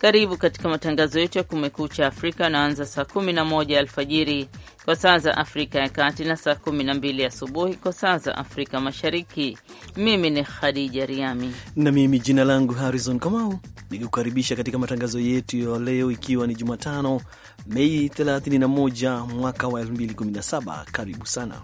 Karibu katika matangazo yetu ya Kumekucha Afrika anaanza saa 11 alfajiri kwa saa za Afrika ya Kati na saa 12 asubuhi kwa saa za Afrika Mashariki. Mimi ni Khadija Riami na mimi jina langu Harrison Kamau, nikukaribisha katika matangazo yetu ya leo, ikiwa ni Jumatano Mei 31 mwaka wa 2017. Karibu sana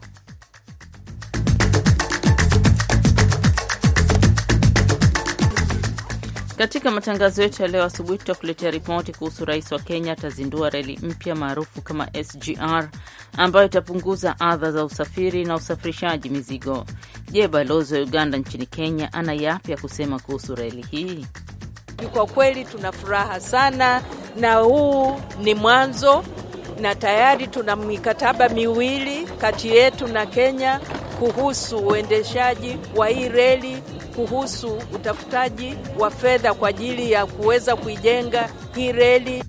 Katika matangazo yetu ya leo asubuhi, tutakuletea ripoti kuhusu rais wa Kenya atazindua reli mpya maarufu kama SGR ambayo itapunguza adha za usafiri na usafirishaji mizigo. Je, balozi wa Uganda nchini Kenya ana yapi ya kusema kuhusu reli hii? Kwa kweli tuna furaha sana, na huu ni mwanzo, na tayari tuna mikataba miwili kati yetu na Kenya kuhusu uendeshaji wa hii reli kuhusu utafutaji wa fedha kwa ajili ya kuweza kuijenga hii reli.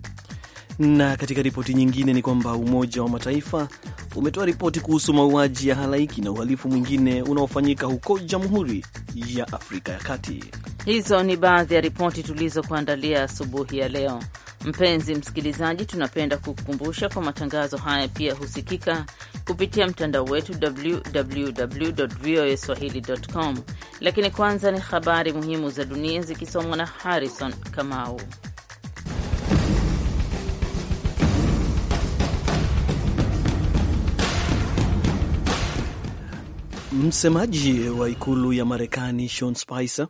Na katika ripoti nyingine ni kwamba Umoja wa Mataifa umetoa ripoti kuhusu mauaji ya halaiki na uhalifu mwingine unaofanyika huko Jamhuri ya Afrika ya Kati. Hizo ni baadhi ya ripoti tulizokuandalia asubuhi ya leo. Mpenzi msikilizaji, tunapenda kukukumbusha kwa matangazo haya pia husikika kupitia mtandao wetu www voa swahilcom Lakini kwanza ni habari muhimu za dunia zikisomwa na Harrison Kamau. Msemaji wa ikulu ya Marekani Sean Spicer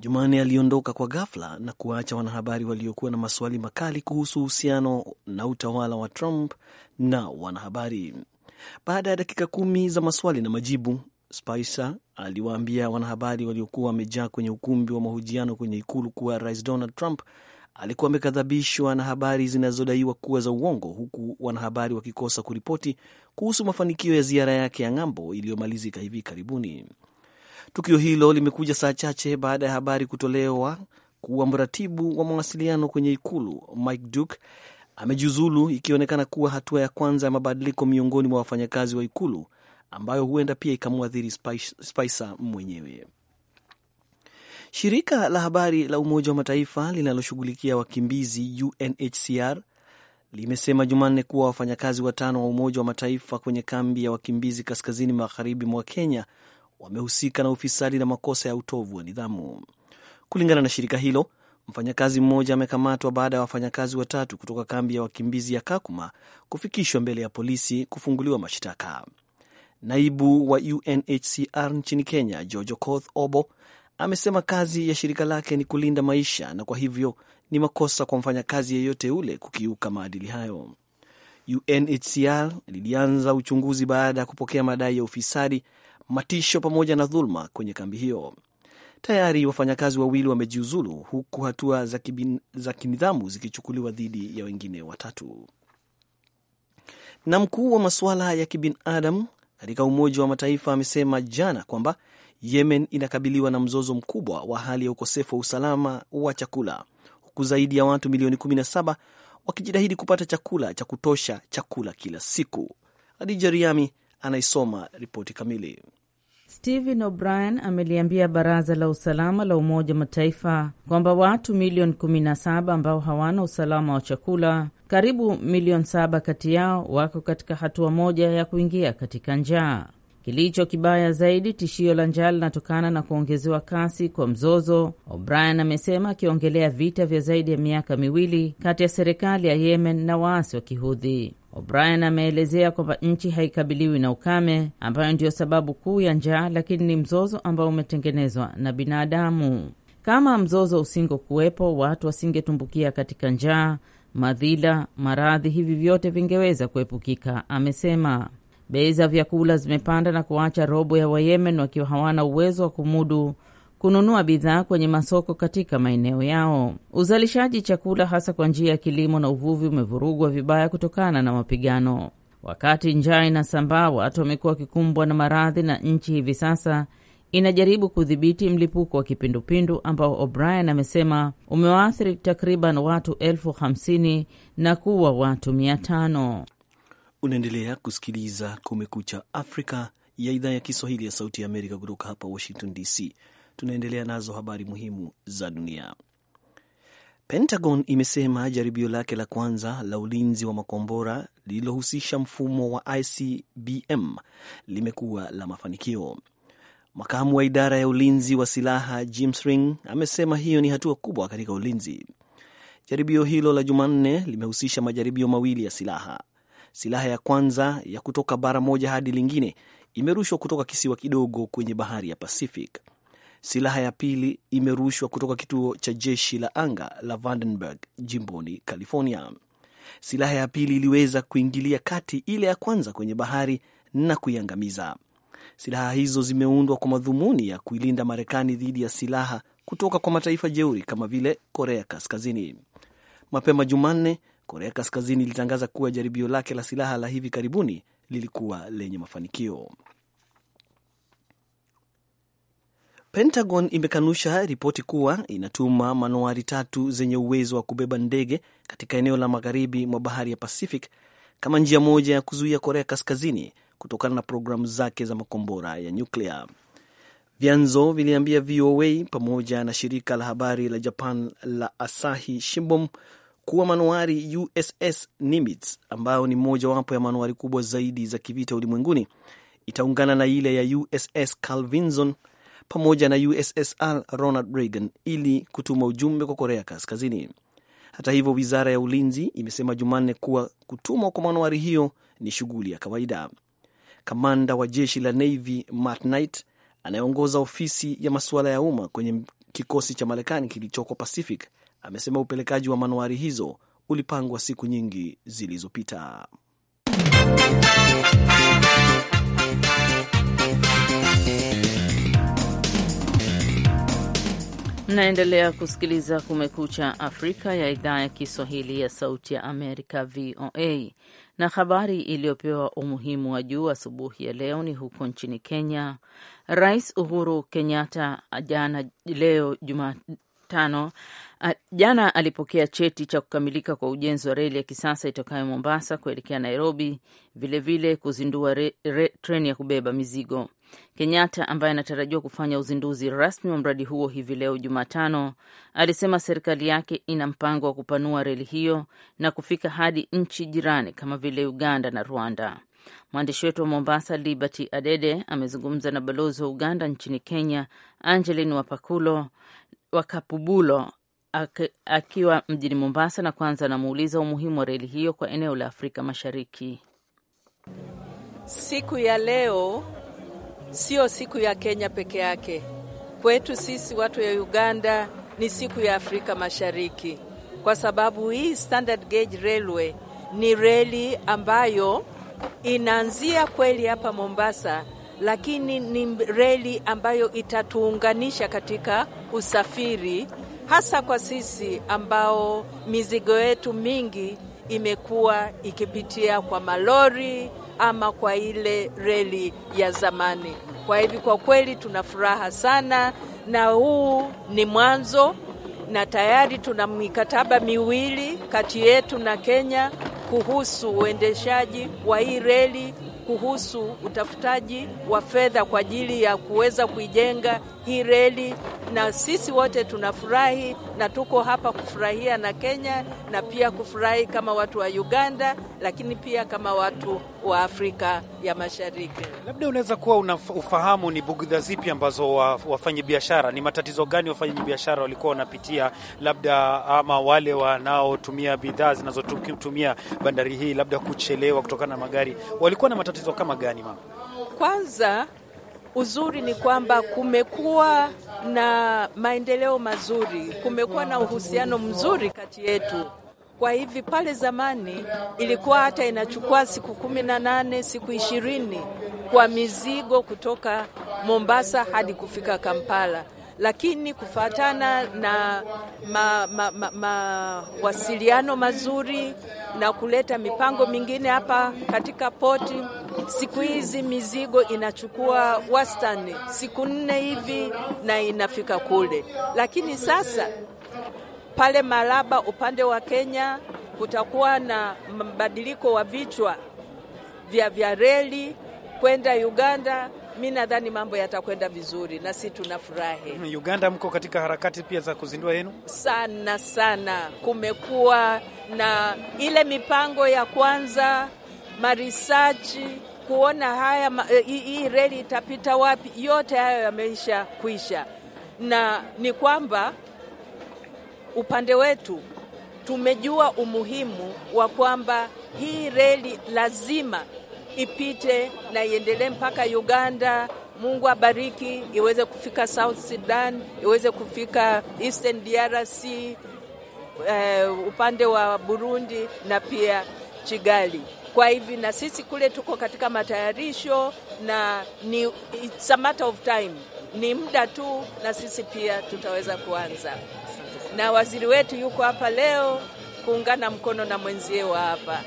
Jumanne aliondoka kwa ghafla na kuwaacha wanahabari waliokuwa na maswali makali kuhusu uhusiano na utawala wa Trump na wanahabari. Baada ya dakika kumi za maswali na majibu, Spicer aliwaambia wanahabari waliokuwa wamejaa kwenye ukumbi wa mahojiano kwenye ikulu kuwa Rais Donald Trump alikuwa amekadhabishwa na habari zinazodaiwa kuwa za uongo, huku wanahabari wakikosa kuripoti kuhusu mafanikio ya ziara yake ya ng'ambo iliyomalizika hivi karibuni. Tukio hilo limekuja saa chache baada ya habari kutolewa kuwa mratibu wa mawasiliano kwenye ikulu Mike Duke amejiuzulu, ikionekana kuwa hatua ya kwanza ya mabadiliko miongoni mwa wafanyakazi wa ikulu ambayo huenda pia ikamwathiri Spicer mwenyewe. Shirika la habari la Umoja wa Mataifa linaloshughulikia wakimbizi UNHCR limesema Jumanne kuwa wafanyakazi watano wa Umoja wa Mataifa kwenye kambi ya wakimbizi kaskazini magharibi mwa Kenya wamehusika na ufisadi na makosa ya utovu wa nidhamu. Kulingana na shirika hilo, mfanyakazi mmoja amekamatwa baada ya wafanyakazi watatu kutoka kambi ya wakimbizi ya Kakuma kufikishwa mbele ya polisi kufunguliwa mashtaka. Naibu wa UNHCR nchini Kenya, George Okoth Obo, amesema kazi ya shirika lake ni kulinda maisha na kwa hivyo ni makosa kwa mfanyakazi yeyote yule kukiuka maadili hayo. UNHCR lilianza uchunguzi baada ya kupokea madai ya ufisadi matisho pamoja na dhuluma kwenye kambi hiyo. Tayari wafanyakazi wawili wamejiuzulu huku hatua za, kibin, za kinidhamu zikichukuliwa dhidi ya wengine watatu. Na mkuu wa masuala ya kibinadamu katika Umoja wa Mataifa amesema jana kwamba Yemen inakabiliwa na mzozo mkubwa wa hali ya ukosefu wa usalama wa chakula huku zaidi ya watu milioni 17 wakijitahidi kupata chakula cha kutosha, chakula kila siku. Hadija Riami anaisoma ripoti kamili. Stephen O'Brien ameliambia baraza la usalama la Umoja wa Mataifa kwamba watu milioni 17 ambao hawana usalama wa chakula, karibu milioni 7 kati yao wako katika hatua moja ya kuingia katika njaa. Kilicho kibaya zaidi, tishio la njaa linatokana na kuongezewa kasi kwa mzozo, O'Brien amesema akiongelea vita vya zaidi ya miaka miwili kati ya serikali ya Yemen na waasi wa Kihudhi. O'Brien ameelezea kwamba nchi haikabiliwi na ukame ambayo ndiyo sababu kuu ya njaa, lakini ni mzozo ambao umetengenezwa na binadamu. Kama mzozo usingokuwepo, watu wasingetumbukia katika njaa, madhila, maradhi, hivi vyote vingeweza kuepukika, amesema. Bei za vyakula zimepanda na kuacha robo ya Wayemen wakiwa hawana uwezo wa kumudu kununua bidhaa kwenye masoko katika maeneo yao. Uzalishaji chakula hasa kwa njia ya kilimo na uvuvi umevurugwa vibaya kutokana na mapigano. Wakati njaa inasambaa, watu wamekuwa wakikumbwa na maradhi, na nchi hivi sasa inajaribu kudhibiti mlipuko wa kipindupindu ambao O'Brien amesema umewaathiri takriban watu elfu hamsini na kuwa watu mia tano. Unaendelea kusikiliza Kumekucha Afrika ya idhaa ya Kiswahili ya Sauti ya Amerika kutoka hapa Washington DC. Tunaendelea nazo habari muhimu za dunia. Pentagon imesema jaribio lake la kwanza la ulinzi wa makombora lililohusisha mfumo wa ICBM limekuwa la mafanikio. Makamu wa idara ya ulinzi wa silaha James Ring amesema hiyo ni hatua kubwa katika ulinzi. Jaribio hilo la Jumanne limehusisha majaribio mawili ya silaha. Silaha ya kwanza ya kutoka bara moja hadi lingine imerushwa kutoka kisiwa kidogo kwenye bahari ya Pacific. Silaha ya pili imerushwa kutoka kituo cha jeshi la anga la Vandenberg jimboni California. Silaha ya pili iliweza kuingilia kati ile ya kwanza kwenye bahari na kuiangamiza. Silaha hizo zimeundwa kwa madhumuni ya kuilinda Marekani dhidi ya silaha kutoka kwa mataifa jeuri kama vile Korea Kaskazini. Mapema Jumanne, Korea Kaskazini ilitangaza kuwa jaribio lake la silaha la hivi karibuni lilikuwa lenye mafanikio. Pentagon imekanusha ripoti kuwa inatuma manuari tatu zenye uwezo wa kubeba ndege katika eneo la magharibi mwa bahari ya Pacific kama njia moja ya kuzuia Korea Kaskazini kutokana na programu zake za makombora ya nyuklia. Vyanzo viliambia VOA pamoja na shirika la habari la Japan la Asahi Shimbun kuwa manuari USS Nimitz ambayo ni mojawapo ya manuari kubwa zaidi za kivita ulimwenguni itaungana na ile ya USS Carl Vinson pamoja na USSR Ronald Reagan ili kutuma ujumbe kwa Korea Kaskazini. Hata hivyo, wizara ya ulinzi imesema Jumanne kuwa kutumwa kwa manuari hiyo ni shughuli ya kawaida. Kamanda wa jeshi la Navy Matt Knight anayeongoza ofisi ya masuala ya umma kwenye kikosi cha Marekani kilichoko Pacific amesema upelekaji wa manuari hizo ulipangwa siku nyingi zilizopita. Mnaendelea kusikiliza Kumekucha Afrika ya idhaa ya Kiswahili ya Sauti ya Amerika, VOA. Na habari iliyopewa umuhimu wa juu asubuhi ya leo ni huko nchini Kenya. Rais Uhuru Kenyatta jana, leo Jumatano, jana alipokea cheti cha kukamilika kwa ujenzi wa reli ya kisasa itokayo Mombasa kuelekea Nairobi, vilevile vile kuzindua re, re, treni ya kubeba mizigo. Kenyatta ambaye anatarajiwa kufanya uzinduzi rasmi wa mradi huo hivi leo Jumatano, alisema serikali yake ina mpango wa kupanua reli hiyo na kufika hadi nchi jirani kama vile Uganda na Rwanda. Mwandishi wetu wa Mombasa, Liberty Adede, amezungumza na balozi wa Uganda nchini Kenya, Angeline Wapakulo Wakapubulo akiwa mjini Mombasa, na kwanza anamuuliza umuhimu wa reli hiyo kwa eneo la Afrika Mashariki. Siku ya leo sio siku ya Kenya peke yake. Kwetu sisi watu ya Uganda ni siku ya Afrika Mashariki, kwa sababu hii standard gauge railway ni reli ambayo inaanzia kweli hapa Mombasa, lakini ni reli ambayo itatuunganisha katika usafiri hasa kwa sisi ambao mizigo yetu mingi imekuwa ikipitia kwa malori ama kwa ile reli ya zamani. Kwa hivyo kwa kweli tuna furaha sana, na huu ni mwanzo, na tayari tuna mikataba miwili kati yetu na Kenya kuhusu uendeshaji wa hii reli kuhusu utafutaji wa fedha kwa ajili ya kuweza kuijenga hii reli, na sisi wote tunafurahi na tuko hapa kufurahia na Kenya na pia kufurahi kama watu wa Uganda, lakini pia kama watu wa Afrika ya Mashariki. Labda unaweza kuwa unafahamu ni bugudha zipi ambazo wafanya biashara, ni matatizo gani wafanya biashara walikuwa wanapitia, labda ama wale wanaotumia bidhaa zinazotumia bandari hii, labda kuchelewa kutokana na magari, walikuwa na matatizo kama gani mama? Kwanza uzuri ni kwamba kumekuwa na maendeleo mazuri, kumekuwa na uhusiano mzuri kati yetu. Kwa hivi pale zamani ilikuwa hata inachukua siku kumi na nane siku ishirini kwa mizigo kutoka Mombasa hadi kufika Kampala lakini kufatana na mawasiliano ma, ma, ma, mazuri na kuleta mipango mingine hapa katika poti. Siku hizi mizigo inachukua wastani siku nne hivi na inafika kule, lakini sasa pale Malaba upande wa Kenya kutakuwa na mbadiliko wa vichwa vya vya reli kwenda Uganda mi nadhani mambo yatakwenda vizuri na si tunafurahi. Mm, Uganda mko katika harakati pia za kuzindua yenu? Sana sana, kumekuwa na ile mipango ya kwanza marisachi kuona haya eh, hii reli itapita wapi. Yote hayo yameisha kuisha, na ni kwamba upande wetu tumejua umuhimu wa kwamba hii reli lazima ipite na iendelee mpaka Uganda. Mungu abariki, iweze kufika South Sudan, iweze kufika Eastern DRC, uh, eh, upande wa Burundi na pia Kigali. Kwa hivi na sisi kule tuko katika matayarisho na ni it's a matter of time, ni muda tu, na sisi pia tutaweza kuanza, na waziri wetu yuko hapa leo kuungana mkono na mwenzie wa hapa.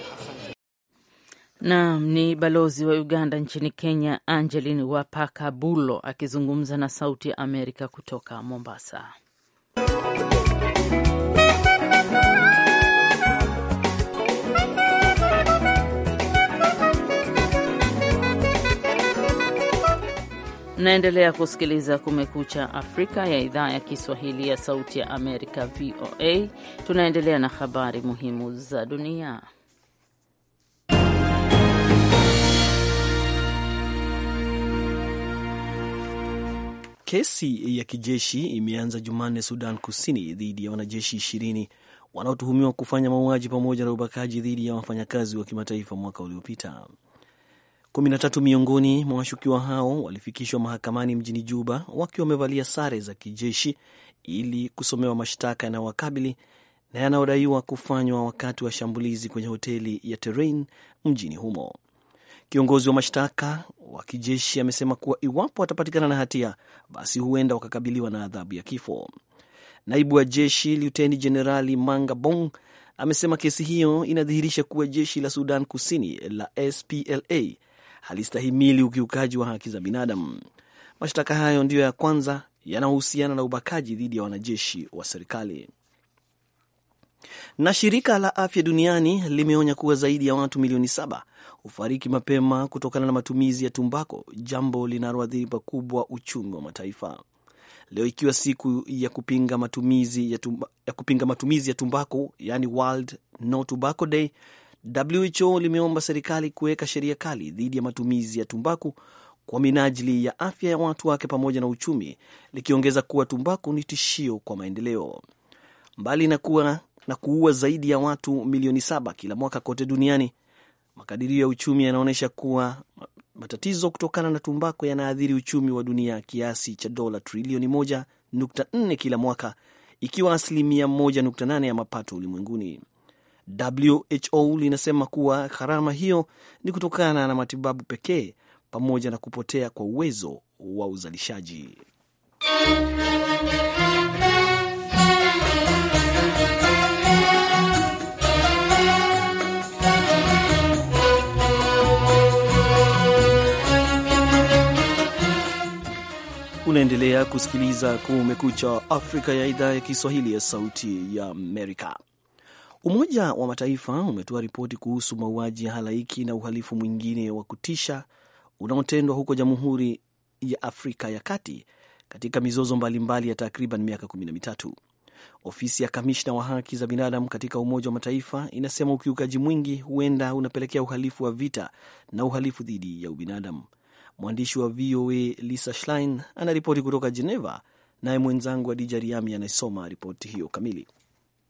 Naam, ni balozi wa Uganda nchini Kenya Wapaka Wapakabulo akizungumza na Sauti ya Amerika kutoka Mombasa. Naendelea kusikiliza Kumekucha Afrika ya idhaa ya Kiswahili ya Sauti ya Amerika, VOA. Tunaendelea na habari muhimu za dunia. Kesi ya kijeshi imeanza Jumanne Sudan Kusini dhidi ya wanajeshi ishirini wanaotuhumiwa kufanya mauaji pamoja na ubakaji dhidi ya wafanyakazi wa kimataifa mwaka uliopita. Kumi na tatu miongoni mwa washukiwa hao walifikishwa mahakamani mjini Juba wakiwa wamevalia sare za kijeshi ili kusomewa mashtaka yanayowakabili na yanayodaiwa kufanywa wakati wa shambulizi kwenye hoteli ya Terrain mjini humo. Kiongozi wa mashtaka wa kijeshi amesema kuwa iwapo atapatikana na hatia, basi huenda wakakabiliwa na adhabu ya kifo. Naibu wa jeshi Luteni Jenerali Manga Bong amesema kesi hiyo inadhihirisha kuwa jeshi la Sudan Kusini la SPLA halistahimili ukiukaji wa haki za binadamu. Mashtaka hayo ndiyo ya kwanza yanahusiana na ubakaji dhidi ya wanajeshi wa serikali. Na shirika la afya duniani limeonya kuwa zaidi ya watu milioni saba hufariki mapema kutokana na matumizi ya tumbako, jambo linaloathiri pakubwa uchumi wa mataifa. Leo ikiwa siku ya kupinga matumizi ya, tumba, ya kupinga matumizi ya tumbako, yani World No Tobacco Day, WHO limeomba serikali kuweka sheria kali dhidi ya matumizi ya tumbaku kwa minajili ya afya ya watu wake pamoja na uchumi, likiongeza kuwa tumbaku ni tishio kwa maendeleo. Mbali na kuwa na kuua zaidi ya watu milioni saba kila mwaka kote duniani. Makadirio ya uchumi yanaonyesha kuwa matatizo kutokana na tumbako yanaathiri uchumi wa dunia kiasi cha dola trilioni 1.4 kila mwaka, ikiwa asilimia 1.8 ya mapato ulimwenguni. WHO linasema kuwa gharama hiyo ni kutokana na matibabu pekee pamoja na kupotea kwa uwezo wa uzalishaji. Unaendelea kusikiliza Kumekucha Afrika ya idhaa ya Kiswahili ya Sauti ya Amerika. Umoja wa Mataifa umetoa ripoti kuhusu mauaji ya halaiki na uhalifu mwingine wa kutisha unaotendwa huko Jamhuri ya Afrika ya Kati katika mizozo mbalimbali mbali ya takriban miaka kumi na mitatu. Ofisi ya kamishna wa haki za binadamu katika Umoja wa Mataifa inasema ukiukaji mwingi huenda unapelekea uhalifu wa vita na uhalifu dhidi ya ubinadamu. Mwandishi wa VOA Lisa Schlein anaripoti kutoka Geneva, naye mwenzangu Adija Riami anayesoma ripoti hiyo kamili.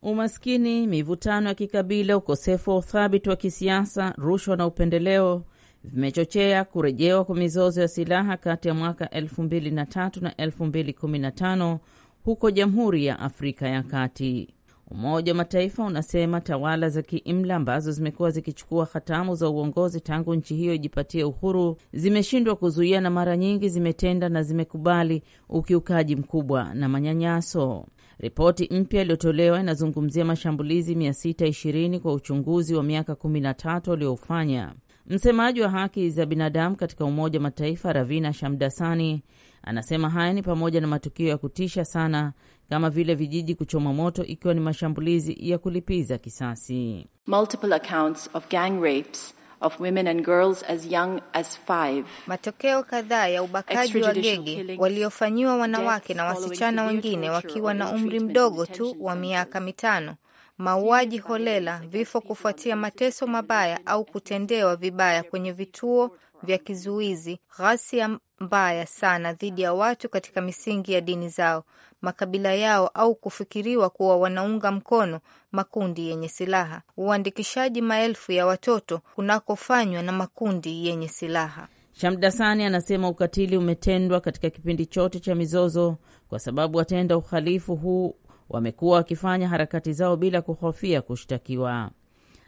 Umaskini, mivutano ya kikabila, ukosefu wa uthabiti wa kisiasa, rushwa na upendeleo vimechochea kurejewa kwa mizozo ya silaha kati ya mwaka 2003 na 2015 huko Jamhuri ya Afrika ya Kati. Umoja wa Mataifa unasema tawala za kiimla ambazo zimekuwa zikichukua hatamu za uongozi tangu nchi hiyo ijipatie uhuru zimeshindwa kuzuia na mara nyingi zimetenda na zimekubali ukiukaji mkubwa na manyanyaso. Ripoti mpya iliyotolewa inazungumzia mashambulizi 620 kwa uchunguzi wa miaka 13 walioufanya. Msemaji wa haki za binadamu katika Umoja wa Mataifa Ravina Shamdasani anasema haya ni pamoja na matukio ya kutisha sana kama vile vijiji kuchoma moto ikiwa ni mashambulizi ya kulipiza kisasi. Multiple accounts of gang rapes of women and girls as young as five. Matokeo kadhaa ya ubakaji wa gege waliofanyiwa wanawake na wasichana wengine wakiwa na umri mdogo tu wa miaka mitano, mauaji holela, vifo kufuatia mateso mabaya au kutendewa vibaya kwenye vituo vya kizuizi, ghasia mbaya sana dhidi ya watu katika misingi ya dini zao, makabila yao au kufikiriwa kuwa wanaunga mkono makundi yenye silaha. Uandikishaji maelfu ya watoto kunakofanywa na makundi yenye silaha. Shamdasani anasema ukatili umetendwa katika kipindi chote cha mizozo, kwa sababu watenda uhalifu huu wamekuwa wakifanya harakati zao bila kuhofia kushtakiwa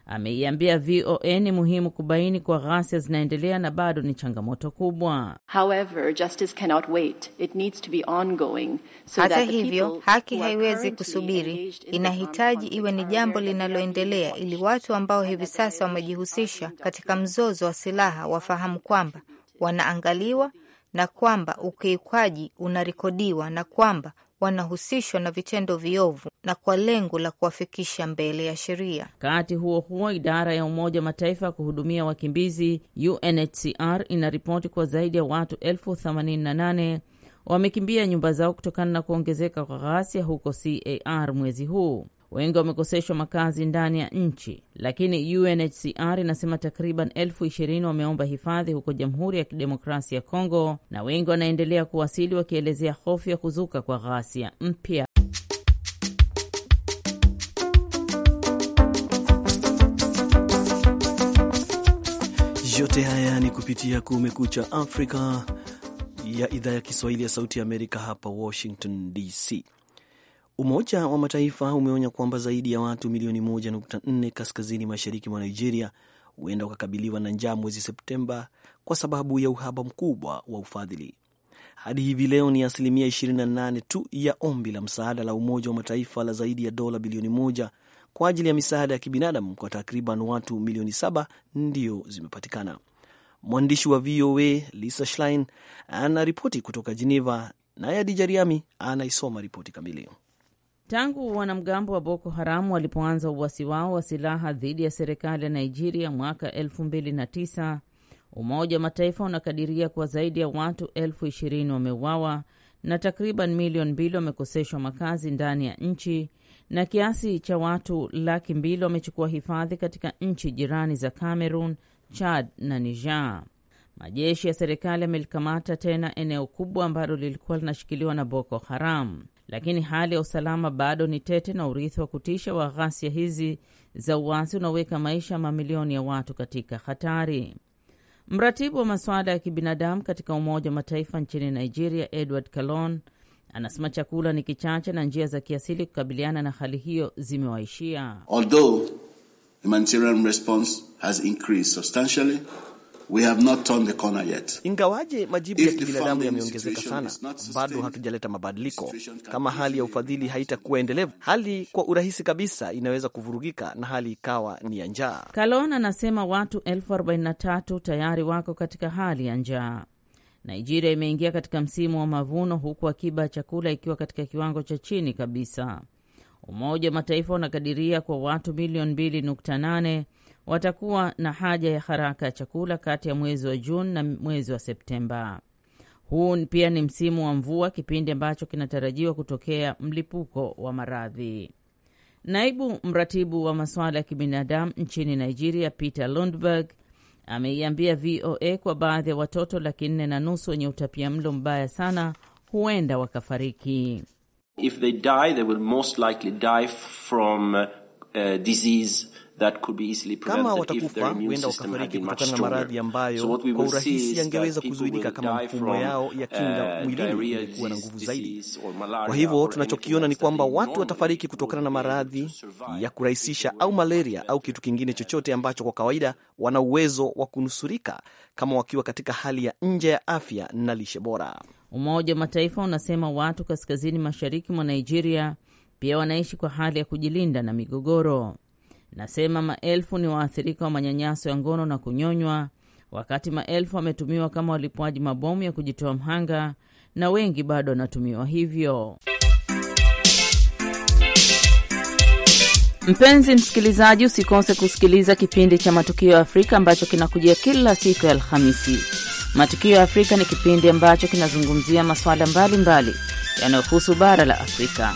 ameiambia VOA ni muhimu kubaini kuwa ghasia zinaendelea na bado ni changamoto kubwa. However, justice cannot wait. It needs to be ongoing, so hata hivyo haki haiwezi kusubiri, inahitaji iwe ni jambo linaloendelea, ili watu ambao hivi sasa wamejihusisha katika mzozo wa silaha wafahamu kwamba wanaangaliwa na kwamba ukiukwaji unarekodiwa na kwamba wanahusishwa na vitendo viovu na kwa lengo la kuwafikisha mbele ya sheria. Wakati huo huo, idara ya Umoja wa Mataifa ya kuhudumia wakimbizi UNHCR inaripoti kuwa zaidi ya watu elfu themanini na nane wamekimbia nyumba zao kutokana na kuongezeka kwa ghasia huko CAR mwezi huu. Wengi wamekoseshwa makazi ndani ya nchi, lakini UNHCR inasema takriban elfu ishirini wameomba hifadhi huko Jamhuri ya Kidemokrasia ya Kongo, na wengi wanaendelea kuwasili wakielezea hofu ya kuzuka kwa ghasia mpya. Yote haya ni kupitia Kumekucha Afrika ya idhaa ya Kiswahili ya Sauti ya Amerika, hapa Washington DC. Umoja wa Mataifa umeonya kwamba zaidi ya watu milioni 1.4 kaskazini mashariki mwa Nigeria huenda wakakabiliwa na njaa mwezi Septemba kwa sababu ya uhaba mkubwa wa ufadhili. Hadi hivi leo ni asilimia 28 tu ya ombi la msaada la Umoja wa Mataifa la zaidi ya dola bilioni moja kwa ajili ya misaada ya kibinadamu kwa takriban watu milioni saba ndio zimepatikana. Mwandishi wa VOA Lisa Schlein anaripoti kutoka Geneva, naye Adija Riami anaisoma ripoti kamili. Tangu wanamgambo wa Boko Haramu walipoanza uwasi wao wa silaha dhidi ya serikali ya Nigeria mwaka 2009, Umoja wa Mataifa unakadiria kuwa zaidi ya watu elfu ishirini wameuawa na takriban milioni mbili wamekoseshwa makazi ndani ya nchi na kiasi cha watu laki mbili wamechukua hifadhi katika nchi jirani za Cameroon, Chad na Niger. Majeshi ya serikali yamelikamata tena eneo kubwa ambalo lilikuwa linashikiliwa na Boko Haram lakini hali ya usalama bado ni tete na urithi wa kutisha wa ghasia hizi za uasi unaweka maisha ya mamilioni ya watu katika hatari. Mratibu wa masuala ya kibinadamu katika Umoja wa Mataifa nchini Nigeria, Edward Calon, anasema chakula ni kichache na njia za kiasili kukabiliana na hali hiyo zimewaishia. Although humanitarian response has increased substantially We have not turned the corner yet. Ingawaje majibu ya kibinadamu yameongezeka sana, bado hatujaleta mabadiliko. Kama hali ya ufadhili haitakuwa endelevu, hali kwa urahisi kabisa inaweza kuvurugika na hali ikawa ni ya njaa. Kalon anasema watu elfu arobaini na tatu tayari wako katika hali ya njaa. Nigeria imeingia katika msimu wa mavuno huku akiba ya chakula ikiwa katika kiwango cha chini kabisa. Umoja wa Mataifa unakadiria kwa watu milioni 2.8 watakuwa na haja ya haraka ya chakula kati ya mwezi wa Juni na mwezi wa Septemba. Huu pia ni msimu wa mvua, kipindi ambacho kinatarajiwa kutokea mlipuko wa maradhi. Naibu mratibu wa masuala ya kibinadamu nchini Nigeria, Peter Lundberg, ameiambia VOA kwa baadhi ya watoto laki nne na nusu wenye utapia mlo mbaya sana huenda wakafariki. If they die, they will most likely die from, uh, disease kama watakufa huenda wakafariki kutokana na maradhi ambayo so kwa urahisi yangeweza kuzuidika kama mfumo yao ya kinga uh, mwilini ingekuwa na nguvu zaidi. Kwa hivyo tunachokiona ni kwamba watu watafariki kutokana na maradhi ya kurahisisha au malaria au kitu kingine uh, chochote ambacho kwa kawaida wana uwezo wa kunusurika kama wakiwa katika hali ya nje ya afya na lishe bora. Umoja wa Mataifa unasema watu kaskazini mashariki mwa Nigeria pia wanaishi kwa hali ya kujilinda na migogoro. Nasema maelfu ni waathirika wa manyanyaso ya ngono na kunyonywa, wakati maelfu wametumiwa kama walipuaji mabomu ya kujitoa mhanga na wengi bado wanatumiwa hivyo. Mpenzi msikilizaji, usikose kusikiliza kipindi cha Matukio ya Afrika ambacho kinakujia kila siku ya Alhamisi. Matukio ya Afrika ni kipindi ambacho kinazungumzia masuala mbalimbali yanayohusu bara la Afrika.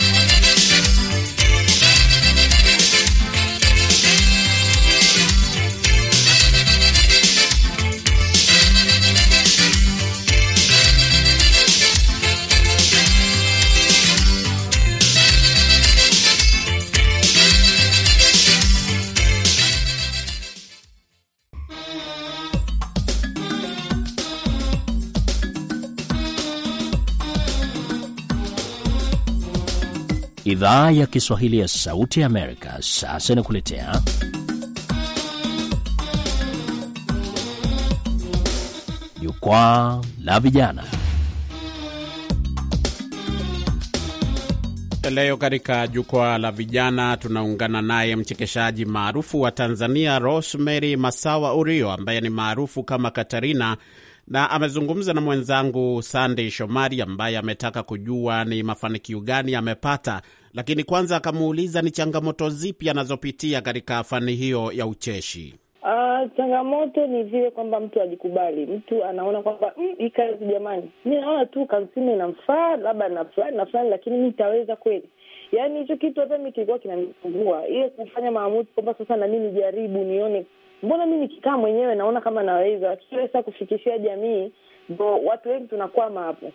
Idhaa ya Kiswahili ya Sauti ya Amerika sasa inakuletea Jukwaa la Vijana. Leo katika Jukwaa la Vijana tunaungana naye mchekeshaji maarufu wa Tanzania, Rosemary Masawa Urio, ambaye ni maarufu kama Katarina na amezungumza na mwenzangu Sandey Shomari ambaye ametaka kujua ni mafanikio gani amepata lakini kwanza akamuuliza ni changamoto zipi anazopitia katika fani hiyo ya ucheshi. Uh, changamoto ni vile kwamba mtu ajikubali. Mtu anaona kwamba mm, hii kazi jamani, mi naona tu kazi nzima inamfaa labda na fulani na fulani, lakini mi nitaweza kweli? Yaani hicho kitu hata mi kilikuwa kinanisumbua, ile kufanya maamuzi kwamba sasa na mi nijaribu nione, mbona mi nikikaa mwenyewe naona kama naweza, sasa kufikishia jamii, ndo watu wengi tunakwama hapo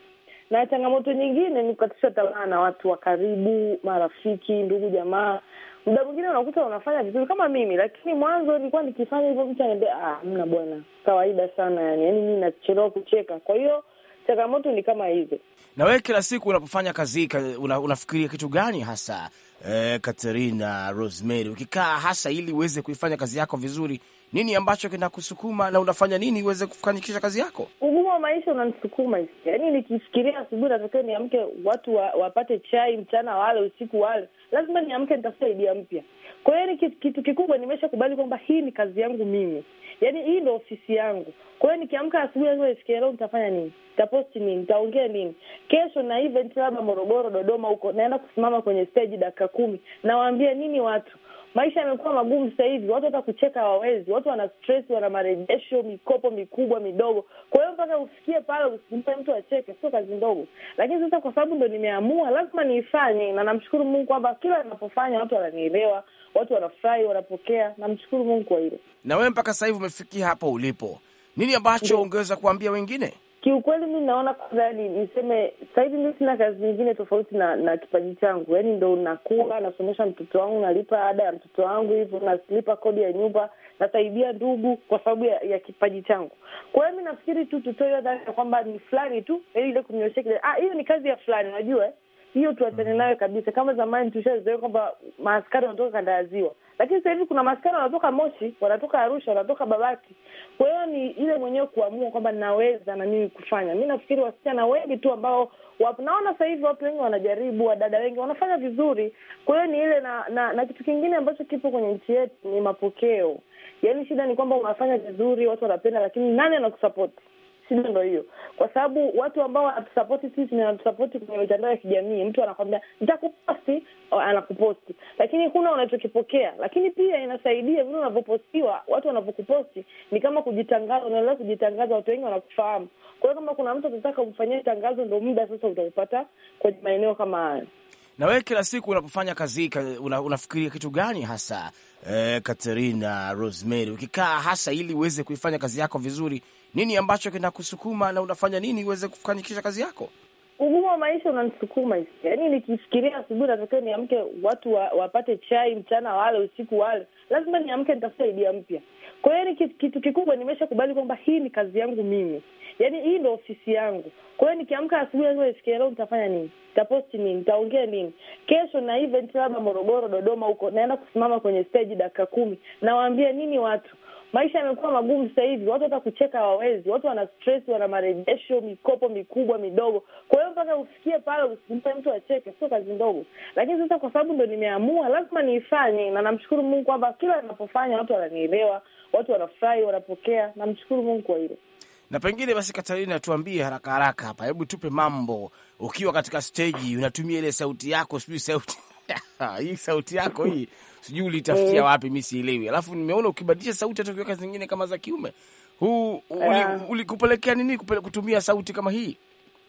na changamoto nyingine ni kukatisha tamaa na watu wa karibu, marafiki, ndugu, jamaa. Muda mwingine unakuta unafanya vizuri kama mimi, lakini mwanzo nilikuwa nikifanya hivyo, mtu anaambia ah, mna bwana, kawaida sana yani, yani mi nachelewa kucheka. Kwa hiyo changamoto ni kama hizo. Na wewe kila siku unapofanya kazi hii una, unafikiria kitu gani hasa, eh, Katerina Rosemary, ukikaa hasa ili uweze kuifanya kazi yako vizuri nini ambacho kinakusukuma na unafanya nini uweze kufanikisha kazi yako? Ugumu wa maisha unanisukuma, yaani nikifikiria asubuhi natakiwa niamke, watu wa, wapate chai, mchana wale, usiku wale, lazima niamke, nitafuta idea mpya. Kwa hiyo ni kitu kikubwa, nimeshakubali kwamba hii ni kazi yangu mimi, yaani hii ndo ofisi yangu. Kwa hiyo nikiamka asubuhi lazima nifikirie leo nitafanya nini, nitaposti nini, nitaongea nini, kesho na event labda Morogoro, Dodoma huko naenda kusimama kwenye stage dakika kumi, nawaambia nini watu Maisha yamekuwa magumu sasa hivi, watu hata kucheka hawawezi, watu wana stress, wana marejesho, mikopo mikubwa midogo. Kwa hiyo mpaka ufikie pale usimpe mtu acheke, sio kazi ndogo. Lakini sasa kwa sababu ndo nimeamua, lazima niifanye, na namshukuru Mungu kwamba kila ninapofanya watu wananielewa, watu wanafurahi, wanapokea. Namshukuru Mungu kwa hilo. Na wewe mpaka sasa hivi umefikia hapo ulipo, nini ambacho ungeweza kuambia wengine? Kiukweli mi naona kwanza, yaani niseme sahivi mi sina kazi nyingine tofauti na na kipaji changu, yaani ndo nakua, nasomesha mtoto wangu, nalipa ada ya mtoto wangu, hivyo nalipa kodi ya nyumba, nasaidia ndugu, kwa sababu ya, ya kipaji changu. Kwa hiyo mi nafikiri tu tutoe hiyo dhana ya kwamba ni fulani tu, yaani ile kunyoshea ah, hiyo ni kazi ya fulani, unajua hiyo tuachane mm. nayo kabisa. Kama zamani tushazoea kwamba maaskari wanatoka kanda ya Ziwa, lakini sasa hivi kuna maaskari wanatoka Moshi, wanatoka Arusha, wanatoka Babati. Kwa hiyo ni ile mwenyewe kuamua kwamba naweza na mimi kufanya. Mi nafikiri wasichana wengi tu ambao naona sasa hivi watu wengi wanajaribu, wadada wengi wanafanya vizuri. Kwa hiyo ni ile na, na, na kitu kingine ambacho kipo kwenye nchi yetu ni mapokeo, yaani shida ni kwamba unafanya vizuri, watu wanapenda, lakini nani anakusapoti? shida ndo hiyo, kwa sababu watu ambao wanatusapoti sisi na wanatusapoti kwenye mitandao ya kijamii, mtu anakwambia nitakuposti, anakuposti, lakini huna unachokipokea. Lakini pia inasaidia vile unavyopostiwa, watu wanavyokuposti ni kama kujitangaza, unaelewa, kujitangaza, watu wengi wanakufahamu. Kwa hiyo kama kuna mtu atataka kumfanyia tangazo, ndo muda sasa utaupata kwenye maeneo kama hayo. Na wewe kila siku unapofanya kazi una, unafikiria kitu gani hasa, eh, Katerina eh, Rosemary, ukikaa hasa ili uweze kuifanya kazi yako vizuri nini ambacho kinakusukuma na unafanya nini uweze kufanikisha kazi yako? Ugumu wa maisha unanisukuma, yaani nikifikiria asubuhi natakiwa niamke, watu wa, wapate chai, mchana wale, usiku wale, lazima niamke, nitafuta idea mpya. Kwa hiyo ni kitu kikubwa, nimeshakubali kwamba hii ni kazi yangu mimi, yaani hii ndo ofisi yangu. Kwa hiyo nikiamka asubuhi lazima nifikiria leo nitafanya nini, nitaposti nini, nitaongea nini, kesho na event labda Morogoro, Dodoma, huko naenda kusimama kwenye stage dakika kumi, nawaambia nini watu Maisha yamekuwa magumu sasa hivi, watu hata kucheka hawawezi, watu wana stress, wana marejesho, mikopo mikubwa midogo. Kwa hiyo mpaka ufikie pale usimpe mtu acheke, sio kazi ndogo. Lakini sasa kwa sababu ndo nimeamua, lazima niifanye, na namshukuru Mungu kwamba kila ninapofanya watu wananielewa, watu wanafurahi, wanapokea. Namshukuru Mungu kwa hilo. Na pengine basi, Katarina, tuambie haraka haraka hapa, hebu tupe mambo, ukiwa katika steji unatumia ile sauti yako, sijui sauti hii sauti yako hii sijui ulitafutia eh. wapi, mi sielewi. Alafu nimeona ukibadilisha sauti hata ukiweka zingine kama za kiume, huu ulikupelekea uli nini kupele, kutumia sauti kama hii?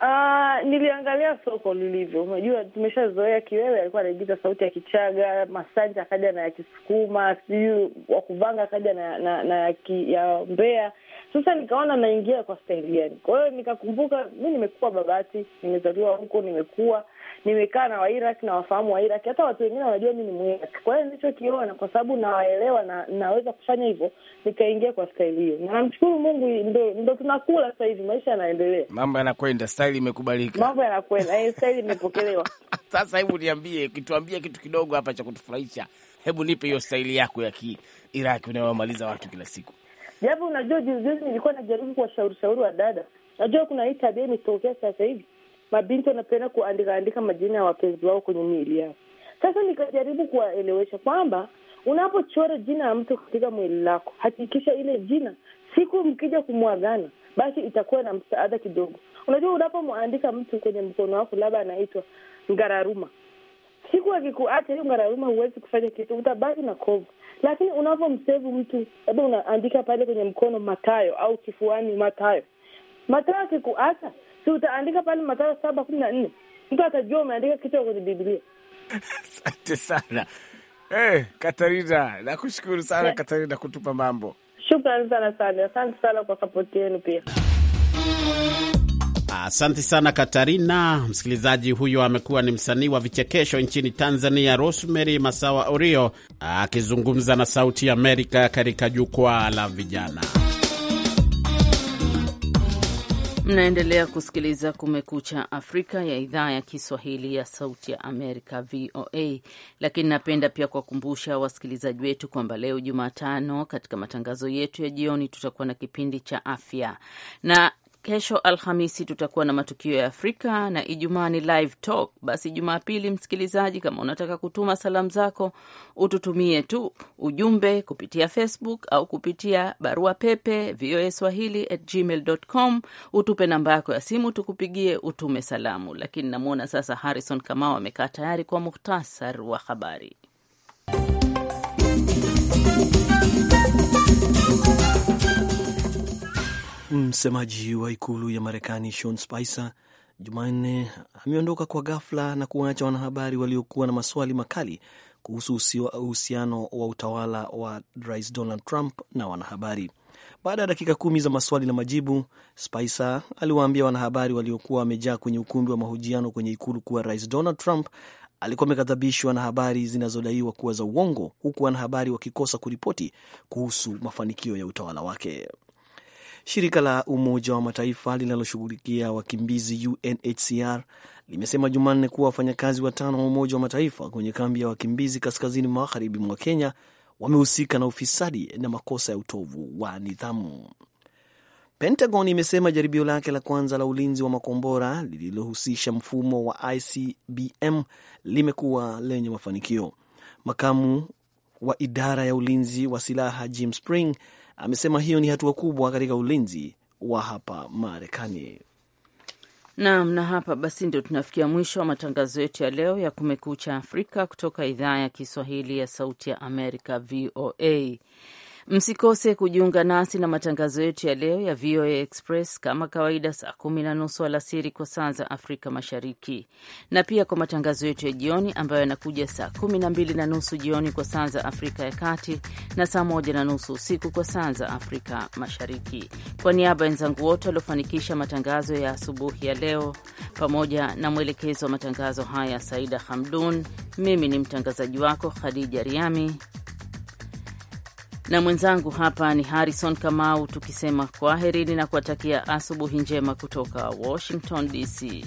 Uh, niliangalia soko lilivyo. Unajua, tumeshazoea Kiwewe alikuwa anaigiza sauti ya Kichaga, Masanja akaja na ya Kisukuma, sijui Wakuvanga akaja na, na, na ki, ya Mbea. Sasa nikaona naingia kwa staili gani? Kwa hiyo nikakumbuka mi nimekuwa Babati, nimezaliwa huko, nimekuwa nimekaa na Wairaq na wafahamu Wairaq, hata watu wengine wanajua mi ni Mwirak. Kwa hiyo nilichokiona, kwa sababu nawaelewa na naweza kufanya hivyo, nikaingia kwa staili hiyo, na namshukuru Mungu, ndo ndo tunakula sasa hivi, maisha yanaendelea, mambo yanakwenda, staili imekubalika, mambo yanakwenda, eh, staili imepokelewa. Sasa hebu niambie, kituambie kitu kidogo hapa cha kutufurahisha. Hebu nipe hiyo staili yako ya Kiiraki unayowamaliza watu kila siku. Japo unajua, juzijuzi nilikuwa najaribu kuwashaurishauri wa dada, najua kuna hii tabia imetokea sasa hivi mabinti wanapenda kuandika andika majina ya wapenzi wao kwenye miili yao. Sasa nikajaribu kuwaelewesha kwamba unapochora jina ya mtu katika mwili lako, hakikisha ile jina siku mkija kumwagana, basi itakuwa na msaada kidogo. Unajua, unapomwandika mtu kwenye mkono wako, labda anaitwa Ngararuma, siku akikuacha hiyo Ngararuma huwezi kufanya kitu, utabaki na kovu. Lakini unapomsevu mtu, labda unaandika pale kwenye mkono Matayo au kifuani Matayo, Matayo akikuacha si utaandika pale Mathayo saba kumi na nne mtu atajua umeandika kichwa kwenye Biblia. Asante sana hey, eh, Katarina, nakushukuru sana yeah. Katarina kutupa mambo, shukrani sana sana, asante sana kwa sapoti yenu pia. Asante sana Katarina. Msikilizaji huyo amekuwa ni msanii wa vichekesho nchini Tanzania, Rosemary Masawa Orio akizungumza na Sauti Amerika katika jukwaa la vijana. Mnaendelea kusikiliza Kumekucha Afrika ya idhaa ya Kiswahili ya Sauti ya Amerika, VOA. Lakini napenda pia kuwakumbusha wasikilizaji wetu kwamba leo Jumatano, katika matangazo yetu ya jioni, tutakuwa na kipindi cha afya, na Kesho Alhamisi tutakuwa na matukio ya Afrika na Ijumaa ni live talk. Basi Jumapili, msikilizaji, kama unataka kutuma salamu zako ututumie tu ujumbe kupitia Facebook au kupitia barua pepe voa swahili at gmail com. Utupe namba yako ya simu tukupigie, utume salamu. Lakini namwona sasa Harrison Kamau amekaa tayari kwa muhtasari wa habari. Msemaji wa ikulu ya Marekani Sean Spicer Jumanne ameondoka kwa ghafla na kuwaacha wanahabari waliokuwa na maswali makali kuhusu uhusiano wa utawala wa Rais Donald Trump na wanahabari. Baada ya dakika kumi za maswali na majibu, Spicer aliwaambia wanahabari waliokuwa wamejaa kwenye ukumbi wa mahojiano kwenye ikulu kuwa Rais Donald Trump alikuwa amekadhabishwa na habari zinazodaiwa kuwa za uongo, huku wanahabari wakikosa kuripoti kuhusu mafanikio ya utawala wake. Shirika la Umoja wa Mataifa linaloshughulikia wakimbizi UNHCR limesema Jumanne kuwa wafanyakazi watano wa Umoja wa Mataifa kwenye kambi ya wakimbizi kaskazini magharibi mwa Kenya wamehusika na ufisadi na makosa ya utovu wa nidhamu. Pentagon imesema jaribio lake la kwanza la ulinzi wa makombora lililohusisha mfumo wa ICBM limekuwa lenye mafanikio. Makamu wa idara ya ulinzi wa silaha Jim Spring amesema hiyo ni hatua kubwa katika ulinzi wa hapa Marekani. Naam, na hapa basi ndio tunafikia mwisho wa matangazo yetu ya leo ya Kumekucha Afrika kutoka idhaa ya Kiswahili ya Sauti ya Amerika, VOA. Msikose kujiunga nasi na matangazo yetu ya leo ya VOA Express kama kawaida, saa kumi na nusu alasiri kwa saa za Afrika Mashariki, na pia kwa matangazo yetu ya jioni ambayo yanakuja saa kumi na mbili na nusu jioni kwa saa za Afrika ya Kati na saa moja na nusu usiku kwa saa za Afrika Mashariki. Kwa niaba ya wenzangu wote waliofanikisha matangazo ya asubuhi ya leo pamoja na mwelekezi wa matangazo haya Saida Hamdun, mimi ni mtangazaji wako Khadija Riami na mwenzangu hapa ni Harrison Kamau, tukisema kwaherini na kuwatakia asubuhi njema kutoka Washington DC.